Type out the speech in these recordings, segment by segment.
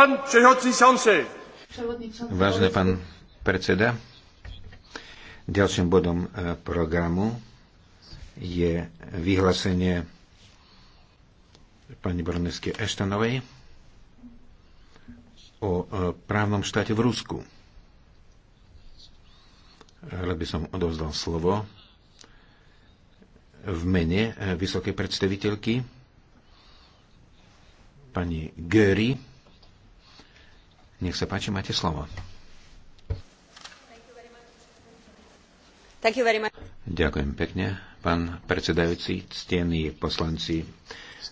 Pán Vážený pán predseda, ďalším bodom e, programu je vyhlásenie pani Bronesky Eštanovej o e, právnom štáte v Rusku. Ale by som odovzdal slovo v mene e, vysokej predstaviteľky pani Göry nech sa páči, máte slovo. Ďakujem pekne. Pán predsedajúci, ctení poslanci,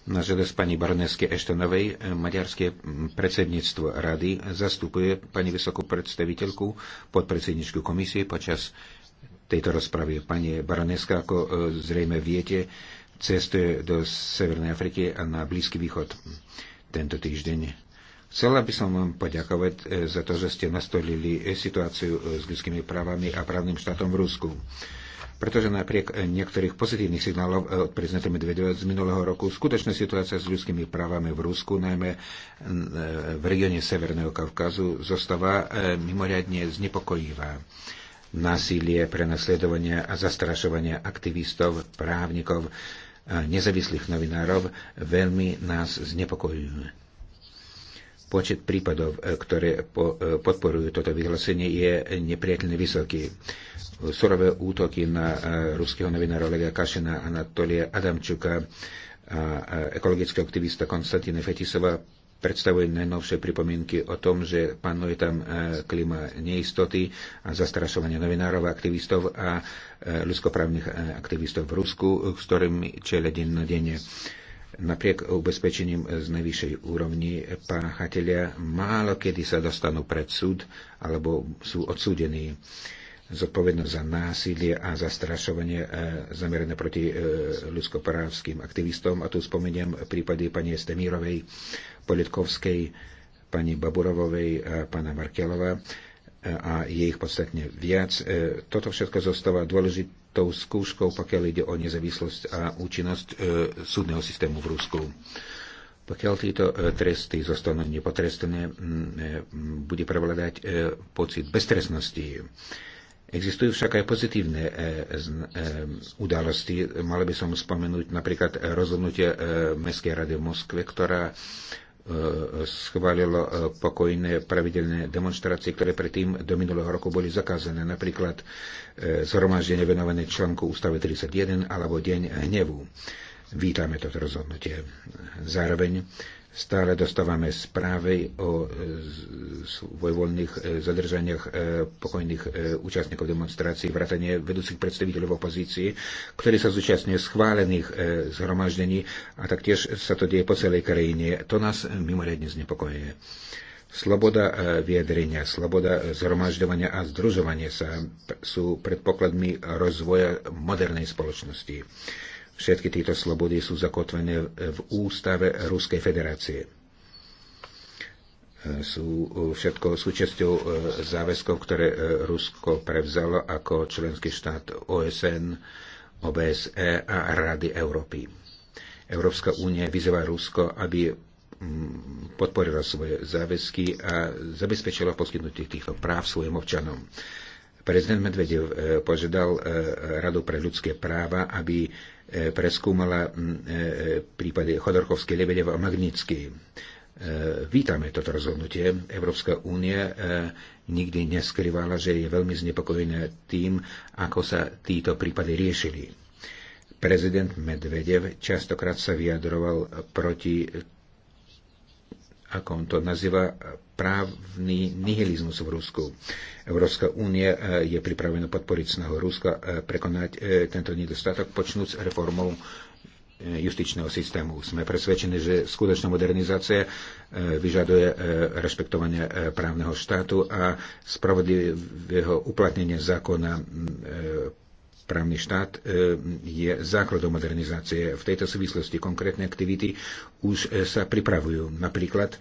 na žiadosť pani baronesky Eštonovej, maďarské predsedníctvo rady zastupuje pani vysokú predstaviteľku podpredsedničku komisie počas tejto rozpravy. Pani baroneska, ako e, zrejme viete, cestuje do Severnej Afriky a na Blízky východ tento týždeň Chcela by som vám poďakovať e, za to, že ste nastolili e, situáciu e, s ľudskými právami a právnym štátom v Rusku. Pretože napriek niektorých pozitívnych signálov od prezidenta Medvedeva z minulého roku, skutočná situácia s ľudskými právami v Rusku, najmä v regióne Severného Kavkazu, zostáva mimoriadne znepokojivá. Násilie, prenasledovania a zastrašovania aktivistov, právnikov, nezávislých novinárov veľmi nás znepokojujú Počet prípadov, e, ktoré e, podporujú toto vyhlásenie, je nepriateľne vysoký. Surové útoky na e, ruského novinára Olega Kašina, Anatolia Adamčuka a ekologického aktivista Konstantina Fetisova predstavuje najnovšie pripomienky o tom, že panuje tam klima neistoty a zastrašovanie novinárov, aktivistov a ľudskoprávnych aktivistov v Rusku, s ktorými čelia denne Napriek ubezpečením z najvyššej úrovni páchatelia málo kedy sa dostanú pred súd alebo sú odsúdení. Zodpovednosť za násilie a zastrašovanie e, zamerané proti e, ľudskoprávským aktivistom. A tu spomeniem prípady pani Estemírovej, Politkovskej, pani Baburovovej a pana Markelova a je ich podstatne viac. E, toto všetko zostáva dôležitou skúškou, pokiaľ ide o nezávislosť a účinnosť e, súdneho systému v Rusku. Pokiaľ tieto e, tresty zostanú nepotrestané, bude prevládať pocit beztrestnosti. Existujú však aj pozitívne udalosti. Mali by som spomenúť napríklad rozhodnutie Mestskej rady v Moskve, ktorá E, schválilo e, pokojné pravidelné demonstrácie, ktoré predtým do minulého roku boli zakázané, napríklad e, zhromaždenie venované článku ústave 31 alebo Deň hnevu. Vítame toto rozhodnutie. Zároveň Stále dostávame správy o svojvoľných e, zadržaniach e, pokojných e, účastníkov demonstrácií, vrátanie vedúcich predstaviteľov opozície, ktorí sa zúčastňujú schválených zhromaždení a taktiež sa to deje po celej krajine. To nás mimoriadne znepokojuje. Sloboda vyjadrenia, sloboda zhromažďovania a združovania sa sú predpokladmi rozvoja modernej spoločnosti Všetky tieto slobody sú zakotvené v ústave Ruskej federácie. E, sú e, všetko súčasťou e, záväzkov, ktoré Rusko prevzalo ako členský štát OSN, OBSE a Rady Európy. Európska únia vyzýva Rusko, aby podporila svoje záväzky a zabezpečila poskytnutie týchto práv svojim občanom. Prezident Medvedev požiadal Radu pre ľudské práva, aby E, preskúmala e, prípady Chodorkovskej, Lebedeva a Magnitsky. E, vítame toto rozhodnutie. Európska únia nikdy neskrývala, že je veľmi znepokojená tým, ako sa títo prípady riešili. Prezident Medvedev častokrát sa vyjadroval proti ako on to nazýva, právny nihilizmus v Rusku. Európska únia e, je pripravená podporiť snahu Ruska e, prekonať e, tento nedostatok, počnúc reformou justičného systému. Sme presvedčení, že skutočná modernizácia vyžaduje rešpektovanie právneho štátu a spravodlivého uplatnenia zákona Právny štát e, je základom modernizácie. V tejto súvislosti konkrétne aktivity už e, sa pripravujú. Napríklad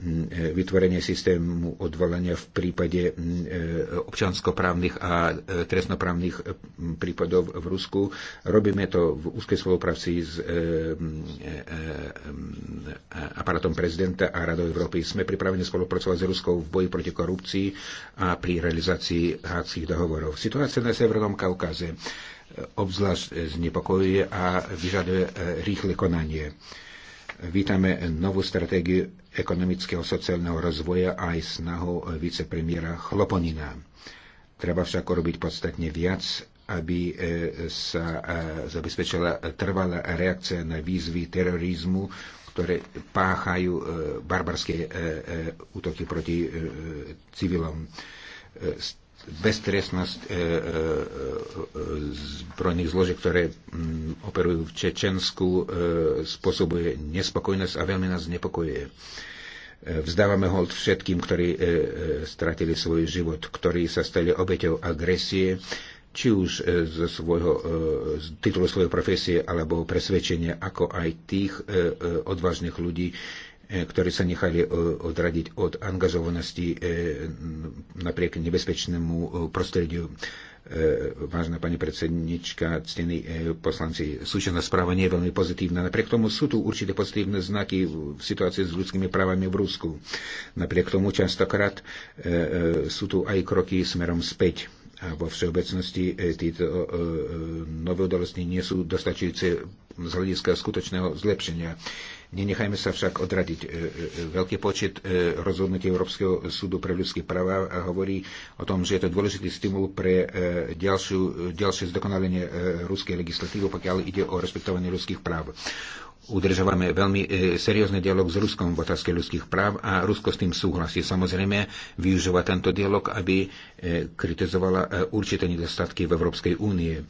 Mm, e, vytvorenie systému odvolania v prípade mm, e, občanskoprávnych a e, trestnoprávnych prípadov v Rusku. Robíme to v úzkej spolupráci s aparátom prezidenta a Radou Európy. Sme pripravení spolupracovať s Ruskou v boji proti korupcii a pri realizácii hádských dohovorov. Situácia na Severnom Kaukaze obzvlášť znepokojuje a vyžaduje rýchle konanie. Vítame novú stratégiu ekonomického sociálneho rozvoja aj snahou vicepremiera Chloponina. Treba však robiť podstatne viac, aby e, sa e, zabezpečila trvalá reakcia na výzvy terorizmu, ktoré páchajú e, barbarské útoky proti civilom E, e, e, zbrojných zložiek, ktoré operujú v Čečensku, e, spôsobuje nespokojnosť a veľmi nás nepokojuje. Vzdávame hold všetkým, ktorí stratili svoj život, ktorí sa stali obeťou agresie, či už zo svojho, z titulu svojej profesie alebo presvedčenia, ako aj tých odvážnych ľudí, E, ktorí sa nechali e, odradiť od angažovanosti e, napriek nebezpečnému prostrediu. Vážna pani predsednička, ctení poslanci, súčasná správa nie je veľmi pozitívna. Napriek tomu sú tu určité pozitívne znaky v situácii s ľudskými právami v Rusku. Napriek tomu častokrát sú tu aj kroky smerom späť a vo všeobecnosti e, tieto e, e, nové udalosti nie sú dostačujúce z hľadiska skutočného zlepšenia. Nenechajme sa však odradiť. Veľký počet rozhodnutí Európskeho súdu pre ľudské práva hovorí o tom, že je to dôležitý stimul pre ďalšiu, ďalšie zdokonalenie ruskej legislatívy, pokiaľ ide o respektovanie ľudských práv udržovame veľmi e, seriózny dialog s Ruskom v otázke ľudských práv a Rusko s tým súhlasí. Samozrejme, využíva tento dialog, aby e, kritizovala e, určité nedostatky v Európskej únie.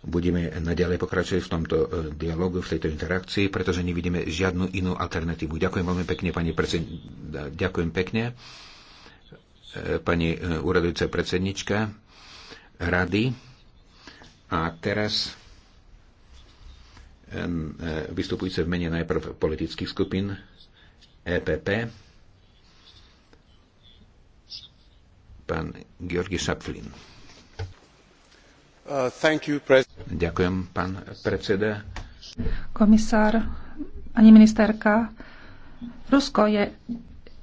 Budeme naďalej pokračovať v tomto dialogu, v tejto interakcii, pretože nevidíme žiadnu inú alternatívu. Ďakujem veľmi pekne, pani predsednička. Ďakujem pekne, pani úradujúca predsednička rady. A teraz E, vystupujúce v mene najprv politických skupín EPP, pán Georgi Sapflin. Uh, Ďakujem, pán predseda. Komisár, ani ministerka, Rusko je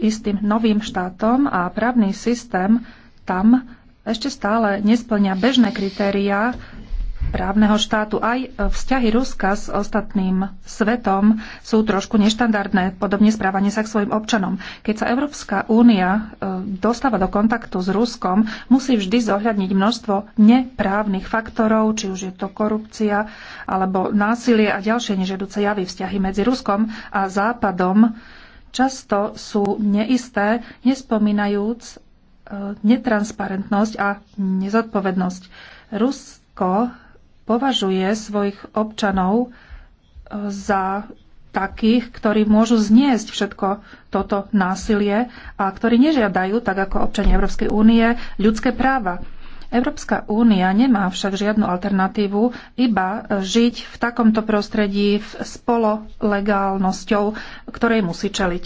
istým novým štátom a právny systém tam ešte stále nesplňa bežné kritériá právneho štátu. Aj e, vzťahy Ruska s ostatným svetom sú trošku neštandardné, podobne správanie sa k svojim občanom. Keď sa Európska únia e, dostáva do kontaktu s Ruskom, musí vždy zohľadniť množstvo neprávnych faktorov, či už je to korupcia alebo násilie a ďalšie nežedúce javy vzťahy medzi Ruskom a Západom často sú neisté, nespomínajúc e, netransparentnosť a nezodpovednosť. Rusko považuje svojich občanov eh, za takých, ktorí môžu zniesť všetko toto násilie a ktorí nežiadajú, tak ako občania Európskej únie, ľudské práva. Európska únia nemá však žiadnu alternatívu, iba žiť v takomto prostredí v spololegálnosťou, ktorej musí čeliť.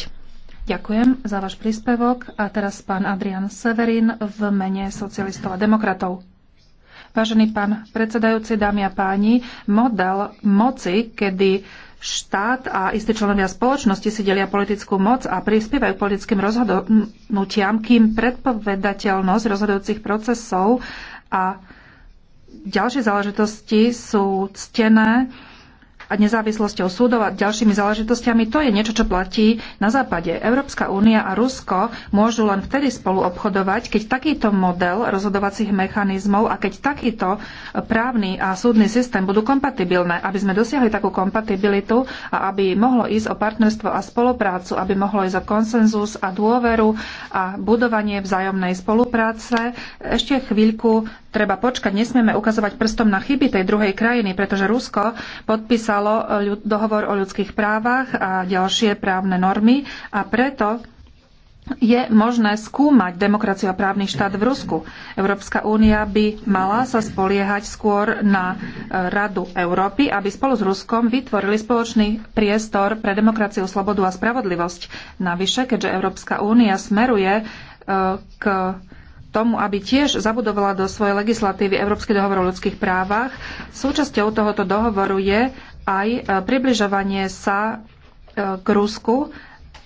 Ďakujem za váš príspevok a teraz pán Adrian Severin v mene socialistov a demokratov. Vážený pán predsedajúci, dámy a páni, model moci, kedy štát a istí členovia spoločnosti si delia politickú moc a prispievajú politickým rozhodnutiam, kým predpovedateľnosť rozhodujúcich procesov a ďalšie záležitosti sú ctené a nezávislosťou súdov a ďalšími záležitostiami, to je niečo, čo platí na západe. Európska únia a Rusko môžu len vtedy spolu obchodovať, keď takýto model rozhodovacích mechanizmov a keď takýto právny a súdny systém budú kompatibilné, aby sme dosiahli takú kompatibilitu a aby mohlo ísť o partnerstvo a spoluprácu, aby mohlo ísť o konsenzus a dôveru a budovanie vzájomnej spolupráce. Ešte chvíľku treba počkať, nesmieme ukazovať prstom na chyby tej druhej krajiny, pretože Rusko podpísalo ratifikovalo dohovor o ľudských právach a ďalšie právne normy a preto je možné skúmať demokraciu a právny štát v Rusku. Európska únia by mala sa spoliehať skôr na e, Radu Európy, aby spolu s Ruskom vytvorili spoločný priestor pre demokraciu, slobodu a spravodlivosť. Navyše, keďže Európska únia smeruje e, k tomu, aby tiež zabudovala do svojej legislatívy Európsky dohovor o ľudských právach. Súčasťou tohoto dohovoru je aj e, približovanie sa e, k Rusku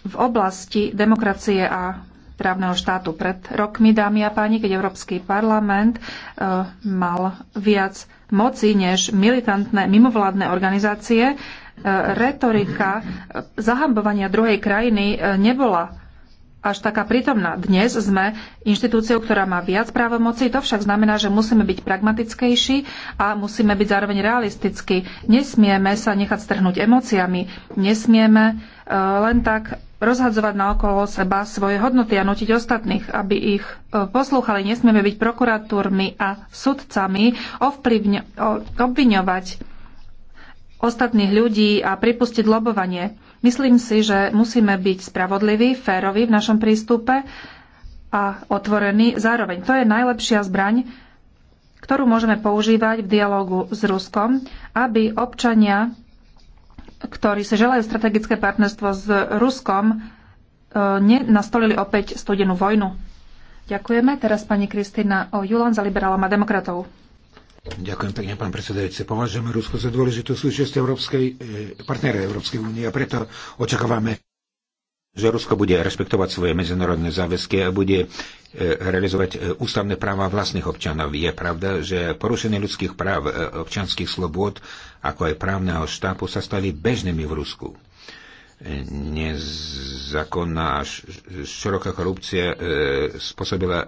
v oblasti demokracie a právneho štátu. Pred rokmi, dámy a páni, keď Európsky parlament e, mal viac moci než militantné mimovládne organizácie, retorika zahambovania druhej krajiny nebola až taká prítomná. Dnes sme inštitúciou, ktorá má viac právomocí, to však znamená, že musíme byť pragmatickejší a musíme byť zároveň realistickí. Nesmieme sa nechať strhnúť emóciami, nesmieme e, len tak rozhadzovať na okolo seba svoje hodnoty a nutiť ostatných, aby ich e, poslúchali. Nesmieme byť prokuratúrmi a sudcami, ovplyvň, obviňovať ostatných ľudí a pripustiť lobovanie. Myslím si, že musíme byť spravodliví, féroví v našom prístupe a otvorení zároveň. To je najlepšia zbraň, ktorú môžeme používať v dialogu s Ruskom, aby občania, ktorí si želajú strategické partnerstvo s Ruskom, e, nenastolili opäť studenú vojnu. Ďakujeme. Teraz pani Kristina Julan za liberálom a demokratov. Ďakujem pekne, pán predsedajúci. Považujeme Rusko za dôležitú súčasť Európskej, e, partnera Európskej únie a preto očakávame, že Rusko bude rešpektovať svoje medzinárodné záväzky a bude e, realizovať e, ústavné práva vlastných občanov. Je pravda, že porušenie ľudských práv, občanských slobôd, ako aj právneho štátu sa stali bežnými v Rusku nezakonná až široká korupcia e, spôsobila e, e,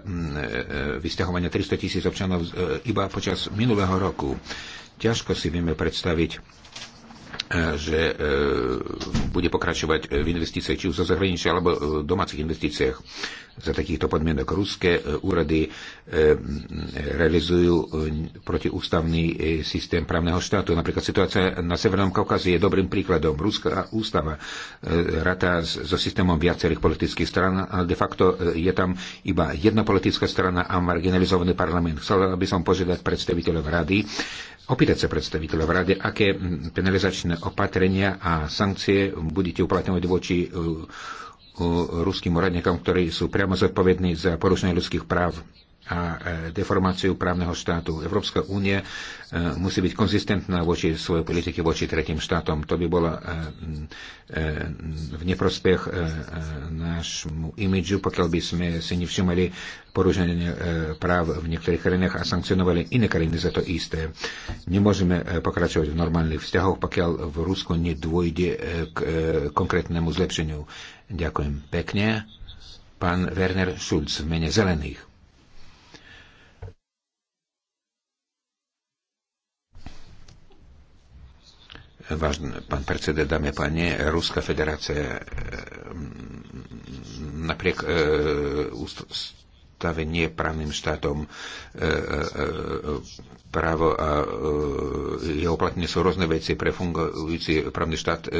vysťahovanie 300 tisíc občanov iba počas minulého roku. Ťažko si vieme predstaviť, že bude pokračovať v investíciách, či už zo zahraničia, alebo v domácich investíciách za takýchto podmienok ruské e, úrady e, realizujú e, protiústavný systém právneho štátu. Napríklad situácia na Severnom Kaukazi je dobrým príkladom. Ruská ústava rata so systémom viacerých politických stran, ale de facto je tam iba jedna politická strana a marginalizovaný parlament. Chcel by som požiadať predstaviteľov rady, opýtať sa predstaviteľov rady, aké penalizačné opatrenia a sankcie budete uplatňovať voči ruským úradníkom, ktorí sú priamo zodpovední za porušenie ľudských práv a e, deformáciu právneho štátu. Európska únie e, musí byť konzistentná voči svojej politike, voči tretím štátom. To by bolo e, v neprospech nášmu imidžu, pokiaľ by sme si nevšimali porušenie práv v niektorých krajinách a sankcionovali iné krajiny za to isté. Nemôžeme pokračovať v normálnych vzťahoch, pokiaľ v Rusku nedôjde k konkrétnemu zlepšeniu Ďakujem pekne. Pán Werner Schulz v mene zelených. Vážne, pán predseda, dámy a páni, Ruská federácia mm, napriek e, ústavenie právnym štátom e, e, právo a e, jeho platne sú rôzne veci. Pre fungujúci právny štát E,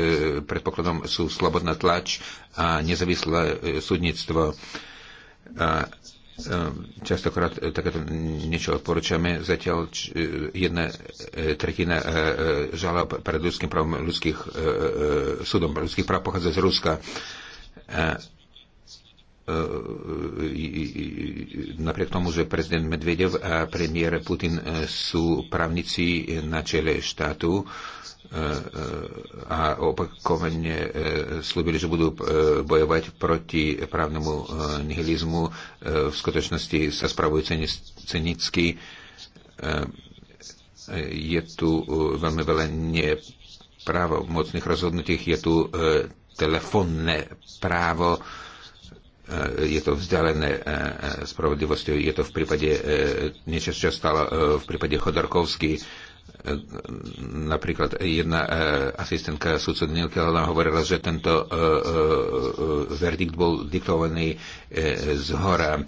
predpokladom sú slobodná tlač a nezávislé e, súdnictvo. A e, častokrát e, takéto niečo odporúčame. Zatiaľ č, e, jedna tretina žalob pred ľudským právom ľudských, súdom ľudských práv pochádza z Ruska. A E, e, e, napriek tomu, že prezident Medvedev a premiér Putin sú právnici na čele štátu a opakovane slúbili, že budú bojovať proti právnemu nihilizmu. V skutočnosti sa spravujú cenicky. Je tu veľmi veľa nepravomocných rozhodnutí. Je tu telefónne právo Eh, je to vzdialené eh, eh, spravodlivosťou, je to v prípade niečo, čo stalo v prípade Chodorkovský, napríklad jedna asistentka sudcu Danielka nám hovorila, že tento verdikt bol diktovaný z hora.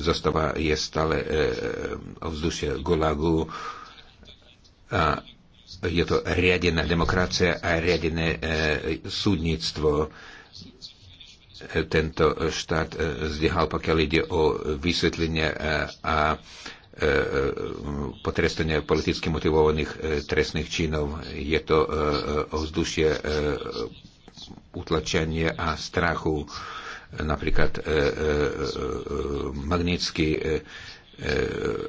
Zostava je stále ovzdušie Gulagu a je to riadená demokracia a riadené súdnictvo tento štát e, zdehal, pokiaľ ide o vysvetlenie e, a e, potrestania politicky motivovaných trestných činov. Je to ovzdušie utlačenie a strachu. Napríklad magnický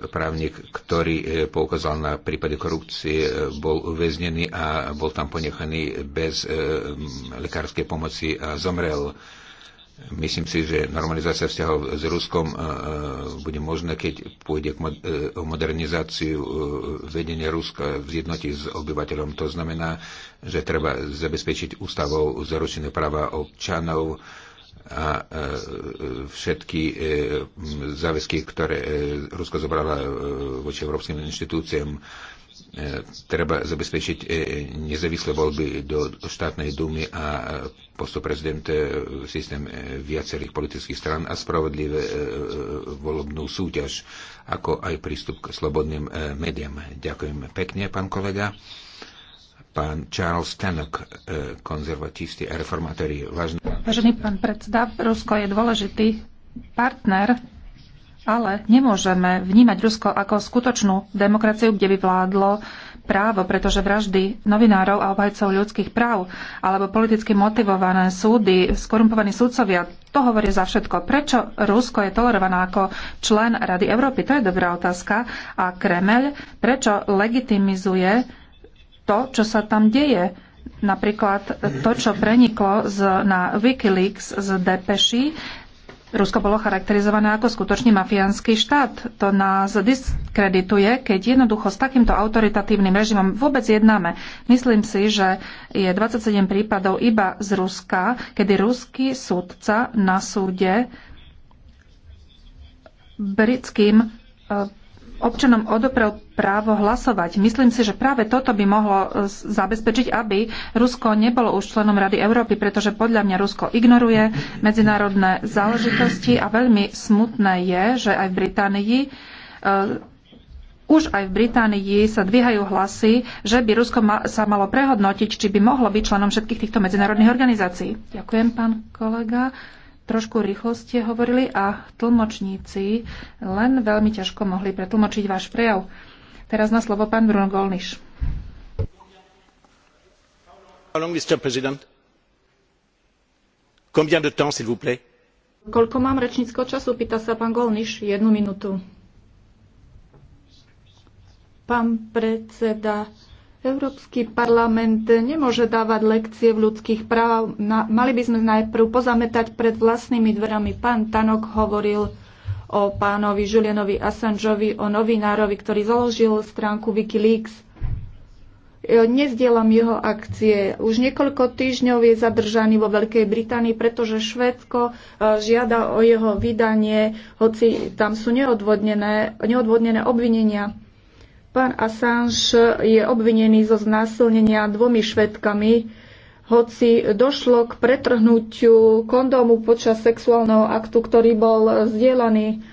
právnik, ktorý poukázal na prípady korupcie, bol uväznený a bol tam ponechaný bez lekárskej pomoci a zomrel. Myslím si, že normalizácia vzťahov s Ruskom e, e, bude možná, keď pôjde o e, modernizáciu vedenia Ruska v zjednoti s obyvateľom. To znamená, že treba zabezpečiť ústavou zaručené práva občanov a všetky záväzky, ktoré Rusko zobrala voči európskym inštitúciám E, treba zabezpečiť e, nezávislé voľby do štátnej dúmy a e, postup prezidenta systém viacerých politických stran a spravodlivé voľobnú súťaž, ako aj prístup k slobodným médiám. Ďakujem pekne, pán kolega. Pán Charles Tannock, konzervatísti a reformátori. Vážený pán predseda, Rusko je dôležitý partner ale nemôžeme vnímať Rusko ako skutočnú demokraciu, kde by vládlo právo, pretože vraždy novinárov a obhajcov ľudských práv alebo politicky motivované súdy, skorumpovaní súdcovia, to hovorí za všetko. Prečo Rusko je tolerované ako člen Rady Európy? To je dobrá otázka. A Kremeľ, prečo legitimizuje to, čo sa tam deje? Napríklad to, čo preniklo z, na Wikileaks z Depeši, Rusko bolo charakterizované ako skutočný mafiánsky štát. To nás diskredituje, keď jednoducho s takýmto autoritatívnym režimom vôbec jednáme. Myslím si, že je 27 prípadov iba z Ruska, kedy ruský súdca na súde britským eh, občanom odoprel právo hlasovať. Myslím si, že práve toto by mohlo e, zabezpečiť, aby Rusko nebolo už členom Rady Európy, pretože podľa mňa Rusko ignoruje medzinárodné záležitosti a veľmi smutné je, že aj v Británii e, už aj v Británii sa dvíhajú hlasy, že by Rusko ma- sa malo prehodnotiť, či by mohlo byť členom všetkých týchto medzinárodných organizácií. Ďakujem, pán kolega trošku rýchlo ste hovorili a tlmočníci len veľmi ťažko mohli pretlmočiť váš prejav. Teraz na slovo pán Bruno Golniš. Koľko mám rečníckého času, pýta sa pán Golniš. Jednu minútu. Pán predseda, Európsky parlament nemôže dávať lekcie v ľudských práv. Na, mali by sme najprv pozametať pred vlastnými dverami. Pán Tanok hovoril o pánovi Julianovi Assangeovi, o novinárovi, ktorý založil stránku Wikileaks. E, nezdielam jeho akcie. Už niekoľko týždňov je zadržaný vo Veľkej Británii, pretože Švédsko e, žiada o jeho vydanie, hoci tam sú neodvodnené, neodvodnené obvinenia. Pán Assange je obvinený zo znásilnenia dvomi švedkami, hoci došlo k pretrhnutiu kondómu počas sexuálneho aktu, ktorý bol zdieľaný.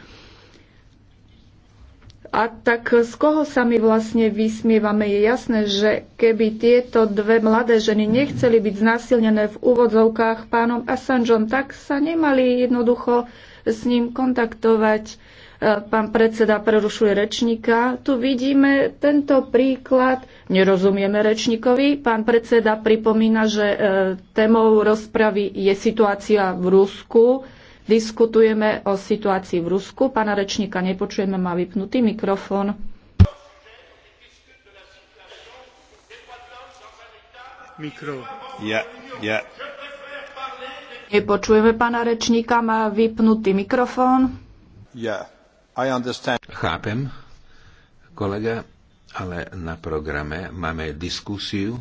A tak z koho sa my vlastne vysmievame? Je jasné, že keby tieto dve mladé ženy nechceli byť znásilnené v úvodzovkách pánom Assangeom, tak sa nemali jednoducho s ním kontaktovať Pán predseda prerušuje rečníka. Tu vidíme tento príklad. Nerozumieme rečníkovi. Pán predseda pripomína, že e, témou rozpravy je situácia v Rusku. Diskutujeme o situácii v Rusku. Pána rečníka nepočujeme, má vypnutý mikrofón. Mikro. Ja, ja. Nepočujeme pána rečníka, má vypnutý mikrofón. Ja. Chápem, kolega, ale na programe máme diskusiu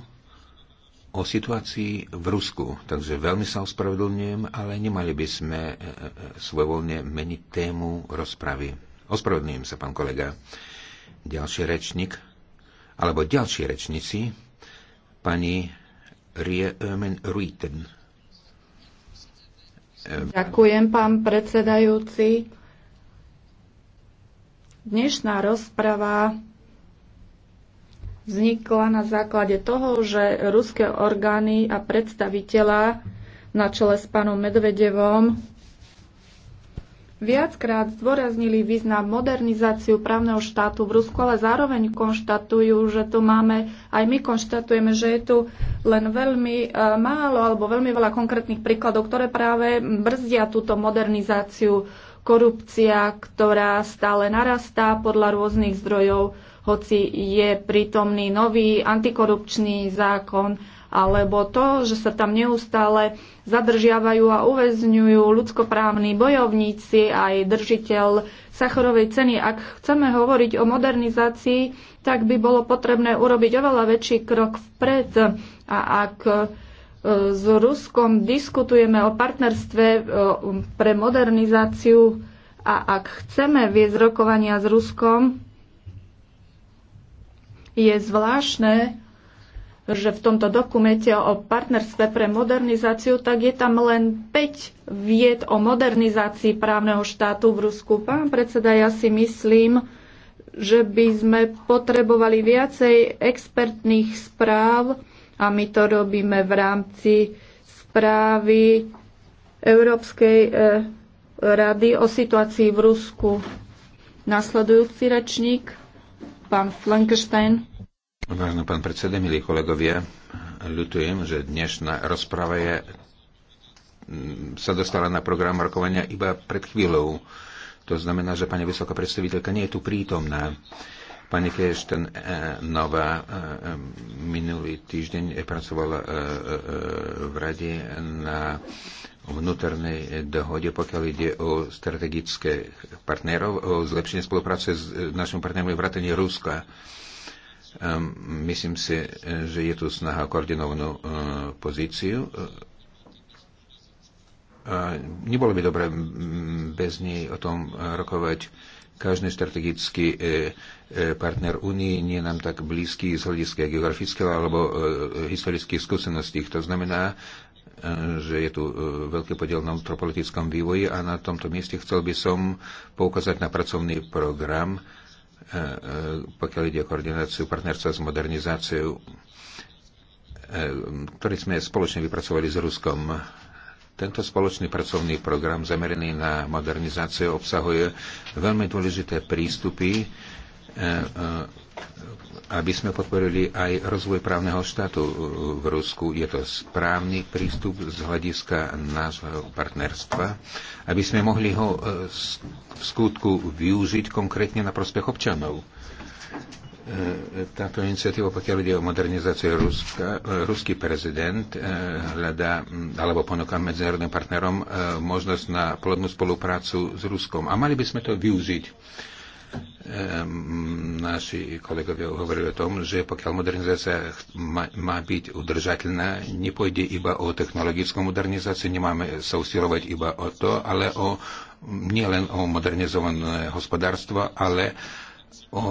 o situácii v Rusku. Takže veľmi sa ospravedlňujem, ale nemali by sme e, e, svojvoľne meniť tému rozpravy. Ospravedlňujem sa, pán kolega. Ďalší rečník, alebo ďalší rečníci, pani Rie Ömen Ruiten. Ďakujem, pán predsedajúci. Dnešná rozprava vznikla na základe toho, že ruské orgány a predstaviteľa na čele s pánom Medvedevom viackrát zdôraznili význam modernizáciu právneho štátu v Rusku, ale zároveň konštatujú, že tu máme, aj my konštatujeme, že je tu len veľmi e, málo alebo veľmi veľa konkrétnych príkladov, ktoré práve brzdia túto modernizáciu korupcia, ktorá stále narastá podľa rôznych zdrojov, hoci je prítomný nový antikorupčný zákon, alebo to, že sa tam neustále zadržiavajú a uväzňujú ľudskoprávni bojovníci aj držiteľ sacharovej ceny. Ak chceme hovoriť o modernizácii, tak by bolo potrebné urobiť oveľa väčší krok vpred. A ak s Ruskom diskutujeme o partnerstve e, pre modernizáciu a ak chceme viesť rokovania s Ruskom, je zvláštne, že v tomto dokumente o partnerstve pre modernizáciu, tak je tam len 5 vied o modernizácii právneho štátu v Rusku. Pán predseda, ja si myslím, že by sme potrebovali viacej expertných správ, a my to robíme v rámci správy Európskej e, rady o situácii v Rusku. Nasledujúci rečník, pán Flankenstein. Vážno pán predseda, milí kolegovia, ľutujem, že dnešná rozprava je, mm, sa dostala na program rokovania iba pred chvíľou. To znamená, že pani vysoká predstaviteľka nie je tu prítomná. Pani Kirsten e, e, Nová e, minulý týždeň pracovala v rade na vnútornej dohode, pokiaľ ide o strategické partnerov, o zlepšenie spolupráce s našimi partnermi vrátane Ruska. Myslím si, že je tu snaha o koordinovanú pozíciu. Nebolo by dobre bez nej o tom rokovať každý strategický e, e, partner Unii nie je nám tak blízky z hľadiska geografického alebo e, historických skúseností. To znamená, že je tu veľký podiel na antropolitickom vývoji a na tomto mieste chcel by som poukázať na pracovný program, pokiaľ ide o koordináciu partnerstva s modernizáciou, ktorý sme spoločne vypracovali s Ruskom tento spoločný pracovný program zameraný na modernizáciu obsahuje veľmi dôležité prístupy, e, e, aby sme podporili aj rozvoj právneho štátu v Rusku. Je to správny prístup z hľadiska nášho partnerstva, aby sme mohli ho e, v skutku využiť konkrétne na prospech občanov. E, táto iniciatíva, pokiaľ ide o modernizáciu Ruska, e, ruský prezident e, hľadá alebo ponúka medzinárodným partnerom možnosť na plodnú spoluprácu s Ruskom. A mali by sme to využiť. Naši kolegovia hovorili o tom, že pokiaľ modernizácia má byť udržateľná, nepôjde iba o technologickú modernizáciu, nemáme sa usilovať iba o to, ale o nielen o modernizované hospodárstvo, ale o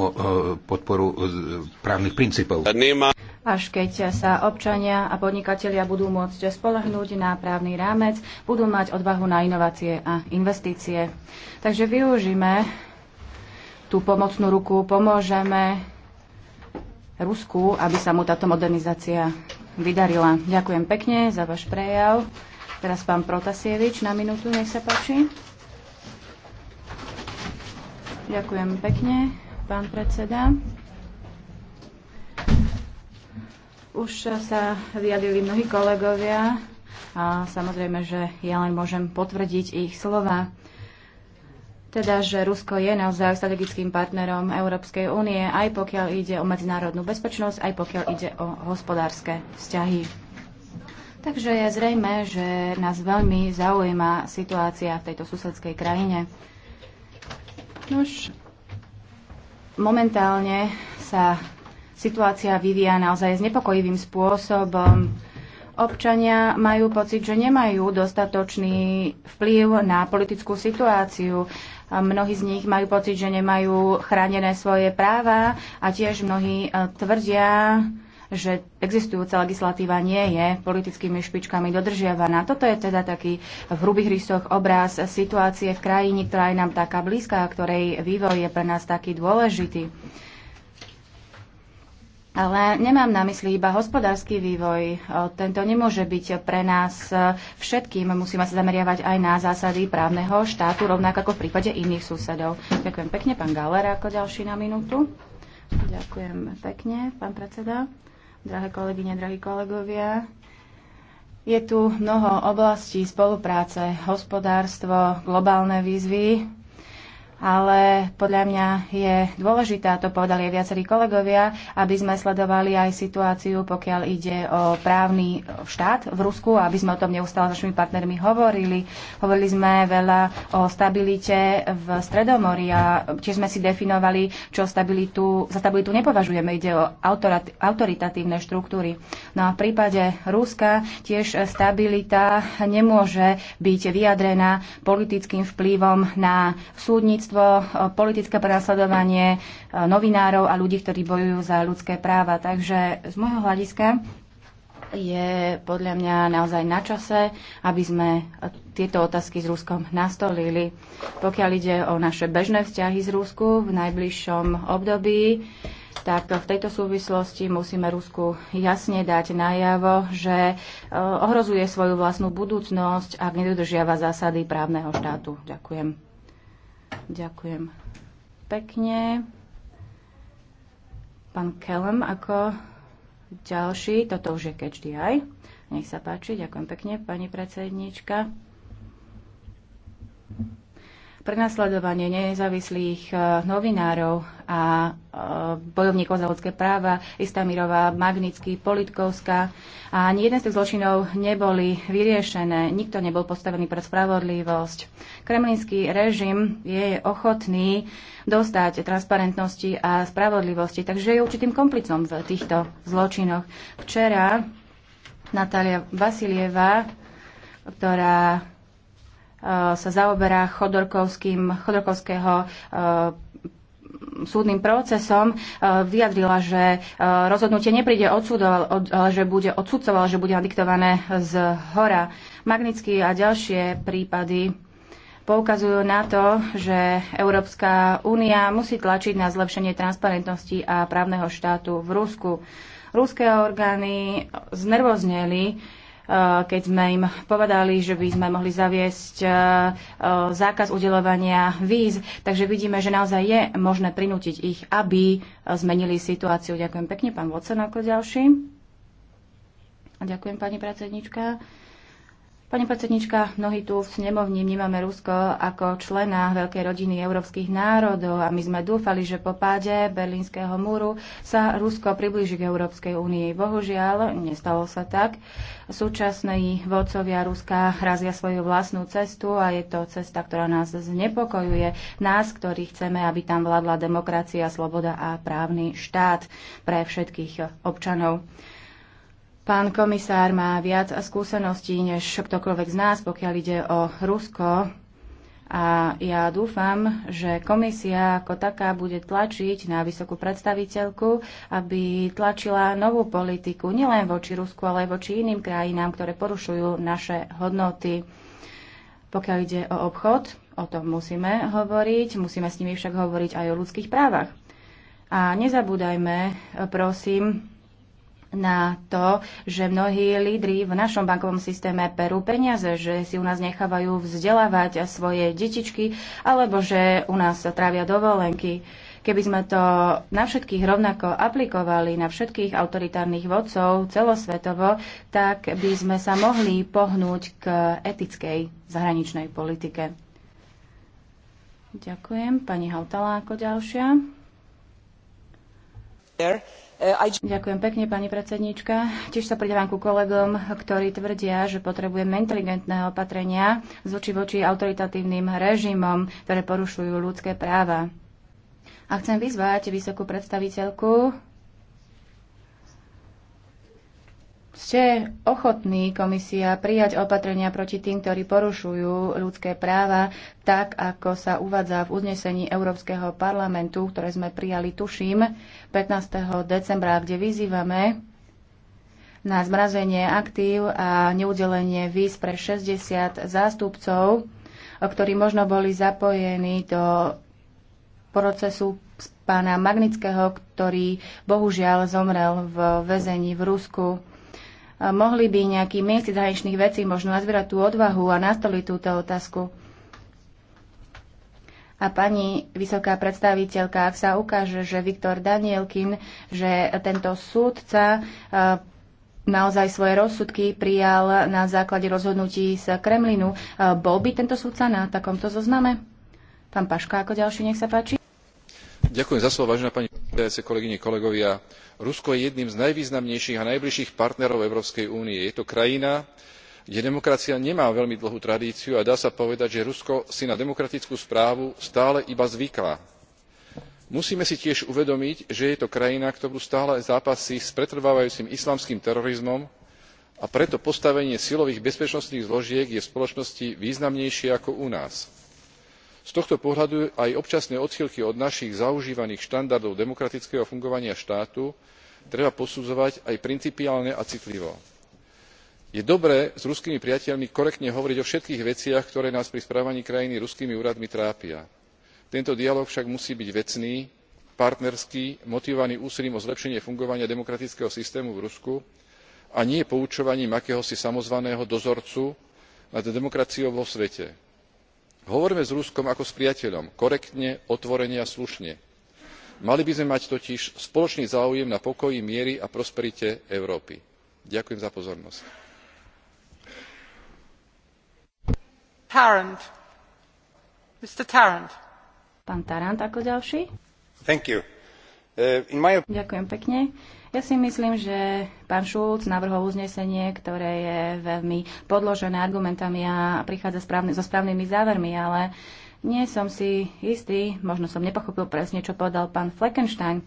podporu právnych princípov. Až keď sa občania a podnikatelia budú môcť spolahnúť na právny rámec, budú mať odvahu na inovácie a investície. Takže využíme tú pomocnú ruku, pomôžeme Rusku, aby sa mu táto modernizácia vydarila. Ďakujem pekne za váš prejav. Teraz pán Protasievič na minútu, nech sa páči. Ďakujem pekne pán predseda. Už sa vyjadili mnohí kolegovia a samozrejme, že ja len môžem potvrdiť ich slova. Teda, že Rusko je naozaj strategickým partnerom Európskej únie, aj pokiaľ ide o medzinárodnú bezpečnosť, aj pokiaľ ide o hospodárske vzťahy. Takže je zrejme, že nás veľmi zaujíma situácia v tejto susedskej krajine. Nož, Momentálne sa situácia vyvíja naozaj znepokojivým spôsobom. Občania majú pocit, že nemajú dostatočný vplyv na politickú situáciu. Mnohí z nich majú pocit, že nemajú chránené svoje práva a tiež mnohí eh, tvrdia, že existujúca legislatíva nie je politickými špičkami dodržiavaná. Toto je teda taký v hrubých rysoch obraz situácie v krajine, ktorá je nám taká blízka, a ktorej vývoj je pre nás taký dôležitý. Ale nemám na mysli iba hospodársky vývoj. Tento nemôže byť pre nás všetkým. Musíme sa zameriavať aj na zásady právneho štátu, rovnako ako v prípade iných susedov. Ďakujem pekne, pán Galer, ako ďalší na minútu. Ďakujem pekne, pán predseda drahé kolegyne, drahí kolegovia. Je tu mnoho oblastí spolupráce, hospodárstvo, globálne výzvy, ale podľa mňa je dôležité, a to povedali aj viacerí kolegovia, aby sme sledovali aj situáciu, pokiaľ ide o právny štát v Rusku, aby sme o tom neustále s našimi partnermi hovorili. Hovorili sme veľa o stabilite v Stredomori a tiež sme si definovali, čo stabilitu, za stabilitu nepovažujeme. Ide o autoritatívne štruktúry. No a v prípade Ruska tiež stabilita nemôže byť vyjadrená politickým vplyvom na súdnictvo násilníctvo, e, politické prenasledovanie e, novinárov a ľudí, ktorí bojujú za ľudské práva. Takže z môjho hľadiska je podľa mňa naozaj na čase, aby sme tieto otázky s Ruskom nastolili. Pokiaľ ide o naše bežné vzťahy z Rusku v najbližšom období, tak v tejto súvislosti musíme Rusku jasne dať najavo, že e, ohrozuje svoju vlastnú budúcnosť, ak nedodržiava zásady právneho štátu. Ďakujem. Ďakujem pekne. Pán Kelem ako ďalší, toto už je catch the eye. Nech sa páči, ďakujem pekne, pani predsedníčka prenasledovanie nezávislých e, novinárov a e, bojovníkov za ľudské práva, Istamirová, Magnický, Politkovská. A ani jeden z tých zločinov neboli vyriešené, nikto nebol postavený pre spravodlivosť. Kremlinský režim je ochotný dostať transparentnosti a spravodlivosti, takže je určitým komplicom v týchto zločinoch. Včera Natália Vasilieva, ktorá E, sa zaoberá Chodorkovského e, súdnym procesom e, vyjadrila, že rozhodnutie nepríde od ale že bude od že bude adiktované z hora. Magnický a ďalšie prípady poukazujú na to, že Európska únia musí tlačiť na zlepšenie transparentnosti a právneho štátu v Rusku. Ruské orgány znervozneli Eh, keď sme im povedali, že by sme mohli zaviesť eh, eh, zákaz udelovania víz. Takže vidíme, že naozaj je možné prinútiť ich, aby zmenili situáciu. Ďakujem pekne, pán Vocen, ako ďalší. Ďakujem, pani predsednička. Pani predsednička, mnohí tu v snemovni vnímame Rusko ako člena veľkej rodiny európskych národov a my sme dúfali, že po páde Berlínskeho múru sa Rusko priblíži k Európskej únii. Bohužiaľ, nestalo sa tak. Súčasní vodcovia Ruska razia svoju vlastnú cestu a je to cesta, ktorá nás znepokojuje. Nás, ktorí chceme, aby tam vládla demokracia, sloboda a právny štát pre všetkých občanov. Pán komisár má viac skúseností než ktokoľvek z nás, pokiaľ ide o Rusko. A ja dúfam, že komisia ako taká bude tlačiť na vysokú predstaviteľku, aby tlačila novú politiku nielen voči Rusku, ale aj voči iným krajinám, ktoré porušujú naše hodnoty. Pokiaľ ide o obchod, o tom musíme hovoriť, musíme s nimi však hovoriť aj o ľudských právach. A nezabúdajme, prosím, na to, že mnohí lídri v našom bankovom systéme perú peniaze, že si u nás nechávajú vzdelávať svoje detičky, alebo že u nás trávia dovolenky. Keby sme to na všetkých rovnako aplikovali, na všetkých autoritárnych vodcov celosvetovo, tak by sme sa mohli pohnúť k etickej zahraničnej politike. Ďakujem. Pani Hautala ako ďalšia. There. Eh, Ďakujem pekne, pani predsedníčka. Tiež sa pridávam ku kolegom, ktorí tvrdia, že potrebujeme inteligentné opatrenia z voči voči autoritatívnym režimom, ktoré porušujú ľudské práva. A chcem vyzvať vysokú predstaviteľku Ste ochotní, komisia, prijať opatrenia proti tým, ktorí porušujú ľudské práva, tak ako sa uvádza v uznesení Európskeho parlamentu, ktoré sme prijali, tuším, 15. decembra, kde vyzývame na zmrazenie aktív a neudelenie víz pre 60 zástupcov, ktorí možno boli zapojení do procesu pána Magnického, ktorý bohužiaľ zomrel v väzení v Rusku mohli by nejakí ministri zahraničných vecí možno nazbierať tú odvahu a nastoliť túto otázku. A pani vysoká predstaviteľka, ak sa ukáže, že Viktor Danielkin, že tento súdca e, naozaj svoje rozsudky prijal na základe rozhodnutí z Kremlinu, e, bol by tento súdca na takomto zozname? Pán Paška, ako ďalší, nech sa páči rusko je jedným z najvýznamnejších a najbližších partnerov európskej únie. je to krajina kde demokracia nemá veľmi dlhú tradíciu a dá sa povedať že rusko si na demokratickú správu stále iba zvyká. musíme si tiež uvedomiť že je to krajina ktorá stále zápasí s pretrvávajúcim islamským terorizmom a preto postavenie silových bezpečnostných zložiek je v spoločnosti významnejšie ako u nás z tohto pohľadu aj občasné odchýlky od našich zaužívaných štandardov demokratického fungovania štátu treba posudzovať aj principiálne a citlivo. je dobré s ruskými priateľmi korektne hovoriť o všetkých veciach ktoré nás pri správaní krajiny ruskými úradmi trápia. tento dialóg však musí byť vecný partnerský motivovaný úsilím o zlepšenie fungovania demokratického systému v rusku a nie poučovaním akéhosi samozvaného dozorcu nad demokraciou vo svete hovorme s ruskom ako s priateľom korektne otvorene a slušne. mali by sme mať totiž spoločný záujem na pokoji mieri a prosperite európy. ďakujem za pozornosť. Uh, ďakujem pekne. Ja si myslím, že pán Šulc navrhol uznesenie, ktoré je veľmi podložené argumentami a prichádza správny, so správnymi závermi, ale nie som si istý, možno som nepochopil presne, čo povedal pán Fleckenstein,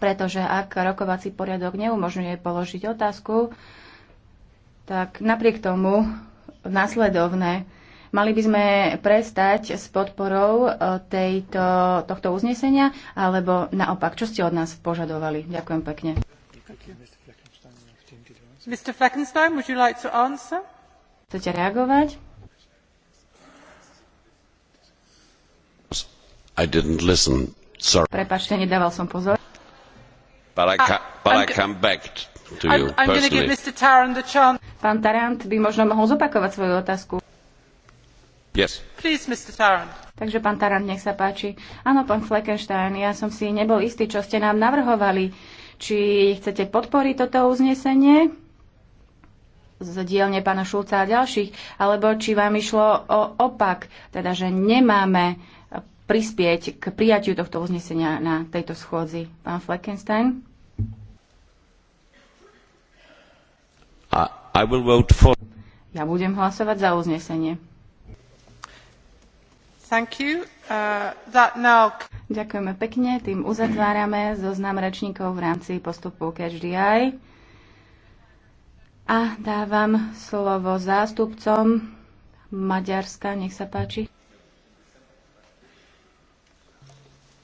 pretože ak rokovací poriadok neumožňuje položiť otázku, tak napriek tomu následovné Mali by sme prestať s podporou e, tejto, tohto uznesenia, alebo naopak, čo ste od nás požadovali? Ďakujem pekne. Mr. Fleckenstein, would you like to answer? Chcete reagovať? I didn't listen. Sorry. Prepačte, nedával som pozor. But I, ah, ca- but I come back to you I'm, I'm personally. Give Mr. Tarrant the chance. Pán Tarant by možno mohol zopakovať svoju otázku. Takže pán Tarant, nech sa páči. Áno, pán Fleckenstein, ja som si nebol istý, čo ste nám navrhovali. Či chcete podporiť toto uznesenie z dielne pána Šulca a ďalších, alebo či vám išlo o opak, teda že nemáme prispieť k prijatiu tohto uznesenia na tejto schôdzi. Pán Fleckenstein? I will vote for... Ja budem hlasovať za uznesenie. Uh, Ďakujeme pekne, tým uzatvárame zoznam rečníkov v rámci postupu KHDI A dávam slovo zástupcom Maďarska, nech sa páči.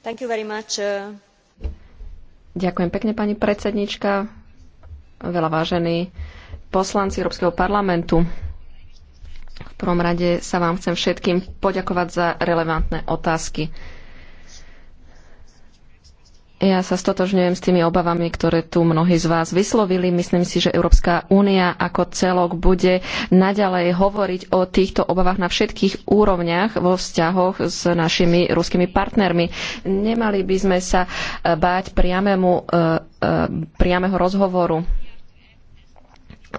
Thank you very much. Uh, Ďakujem pekne, pani predsednička, veľa vážení poslanci Európskeho parlamentu prvom rade sa vám chcem všetkým poďakovať za relevantné otázky. Ja sa stotožňujem s tými obavami, ktoré tu mnohí z vás vyslovili. Myslím si, že Európska únia ako celok bude naďalej hovoriť o týchto obavách na všetkých úrovniach vo vzťahoch s našimi ruskými partnermi. Nemali by sme sa eh, báť priamému, eh, eh, priameho rozhovoru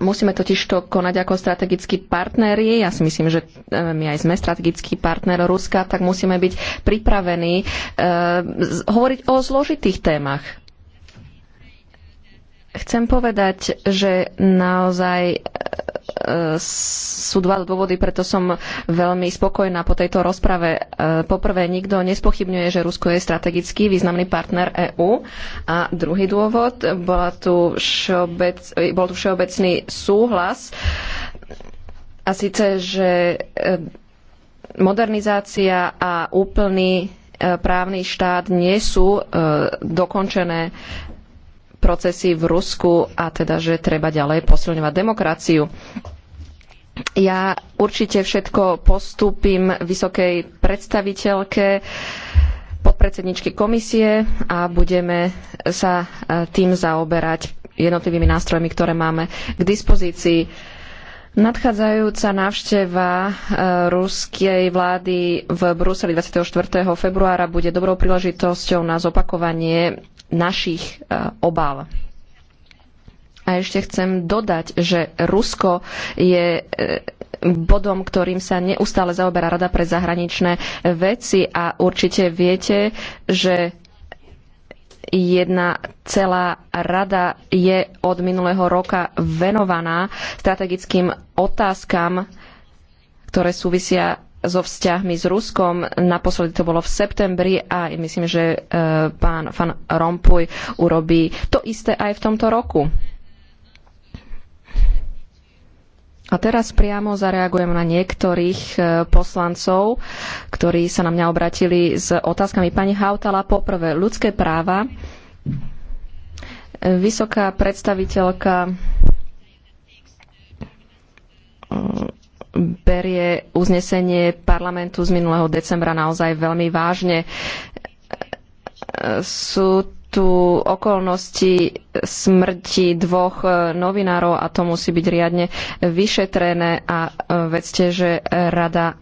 Musíme totiž to konať ako strategickí partneri. Ja si myslím, že e, my aj sme strategický partner Ruska, tak musíme byť pripravení e, hovoriť o zložitých témach Chcem povedať, že naozaj e, sú dva dôvody, preto som veľmi spokojná po tejto rozprave. E, poprvé, nikto nespochybňuje, že Rusko je strategický významný partner EÚ. A druhý dôvod, bola tu všeobec, e, bol tu všeobecný súhlas a síce, že modernizácia a úplný právny štát nie sú dokončené procesy v Rusku a teda, že treba ďalej posilňovať demokraciu. Ja určite všetko postúpim vysokej predstaviteľke podpredsedničky komisie a budeme sa e, tým zaoberať jednotlivými nástrojmi, ktoré máme k dispozícii. Nadchádzajúca návšteva e, ruskej vlády v Bruseli 24. februára bude dobrou príležitosťou na zopakovanie našich eh, obáv. A ešte chcem dodať, že Rusko je eh, bodom, ktorým sa neustále zaoberá Rada pre zahraničné eh, veci a určite viete, že jedna celá rada je od minulého roka venovaná strategickým otázkam, ktoré súvisia so vzťahmi s Ruskom. Naposledy to bolo v septembri a myslím, že e, pán Van Rompuy urobí to isté aj v tomto roku. A teraz priamo zareagujem na niektorých e, poslancov, ktorí sa na mňa obratili s otázkami. Pani Hautala, poprvé, ľudské práva. Vysoká predstaviteľka mm, berie uznesenie parlamentu z minulého decembra naozaj veľmi vážne. Sú tu okolnosti smrti dvoch novinárov a to musí byť riadne vyšetrené a vedzte, že rada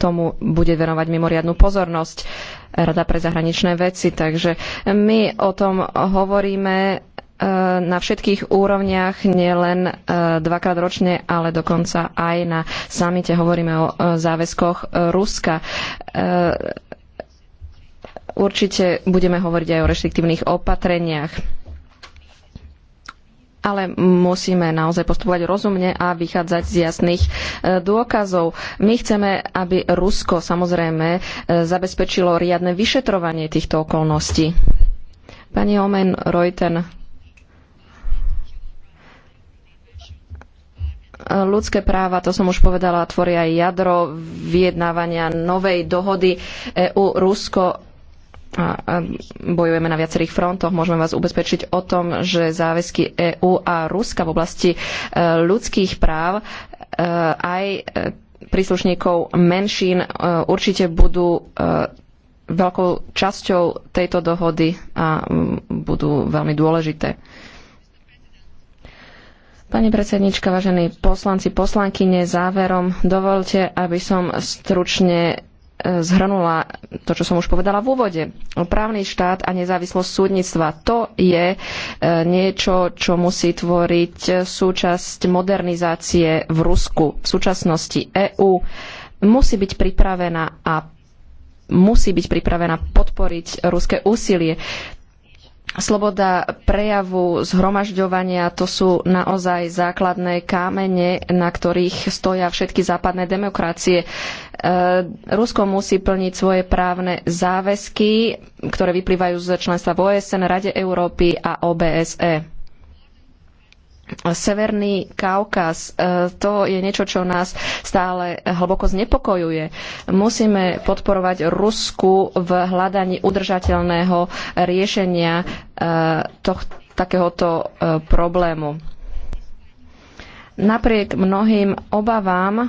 tomu bude venovať mimoriadnú pozornosť. Rada pre zahraničné veci. Takže my o tom hovoríme Eh, na všetkých úrovniach, nielen eh, dvakrát ročne, ale dokonca aj na samite hovoríme o eh, záväzkoch Ruska. Určite budeme hovoriť aj o reštriktívnych opatreniach. Ale musíme naozaj postupovať rozumne a vychádzať z jasných dôkazov. My chceme, aby Rusko samozrejme zabezpečilo riadne vyšetrovanie týchto okolností. Pani Omen Reuten, ľudské práva, to som už povedala, tvoria aj jadro vyjednávania novej dohody EU-Rusko a bojujeme na viacerých frontoch. Môžeme vás ubezpečiť o tom, že záväzky EÚ a Ruska v oblasti e, ľudských práv e, aj e, príslušníkov menšín určite budú veľkou časťou tejto dohody a budú veľmi dôležité. Pani predsednička, vážení poslanci, poslankyne, záverom dovolte, aby som stručne e, zhrnula to, čo som už povedala v úvode. Právny štát a nezávislosť súdnictva, to je e, niečo, čo musí tvoriť súčasť modernizácie v Rusku. V súčasnosti EÚ musí byť pripravená a musí byť pripravená podporiť ruské úsilie sloboda prejavu, zhromažďovania, to sú naozaj základné kámene, na ktorých stoja všetky západné demokracie. E, Rusko musí plniť svoje právne záväzky, ktoré vyplývajú z členstva v OSN, Rade Európy a OBSE. Severný Kaukaz, e, to je niečo, čo nás stále hlboko znepokojuje. Musíme podporovať Rusku v hľadaní udržateľného riešenia e, takéhoto e, problému. Napriek mnohým obavám,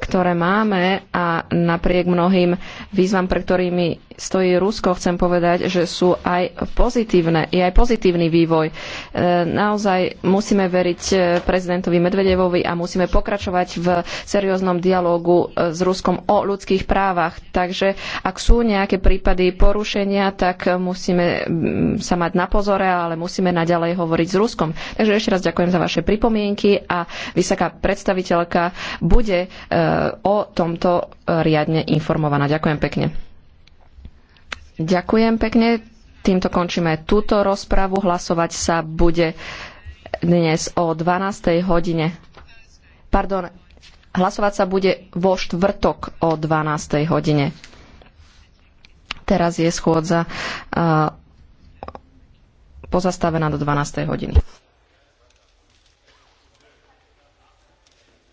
ktoré máme a napriek mnohým výzvam, pre ktorými stojí Rusko, chcem povedať, že sú aj pozitívne, je aj pozitívny vývoj. E, naozaj musíme veriť e, prezidentovi Medvedevovi a musíme pokračovať v serióznom dialógu e, s Ruskom o ľudských právach. Takže ak sú nejaké prípady porušenia, tak musíme mm, sa mať na pozore, ale musíme naďalej hovoriť s Ruskom. Takže ešte raz ďakujem za vaše pripomienky a vysoká predstaviteľka bude o tomto riadne informovaná. Ďakujem pekne. Ďakujem pekne. Týmto končíme túto rozpravu. Hlasovať sa bude dnes o 12. hodine. Pardon, hlasovať sa bude vo štvrtok o 12. hodine. Teraz je schôdza eh, pozastavená do 12. hodiny.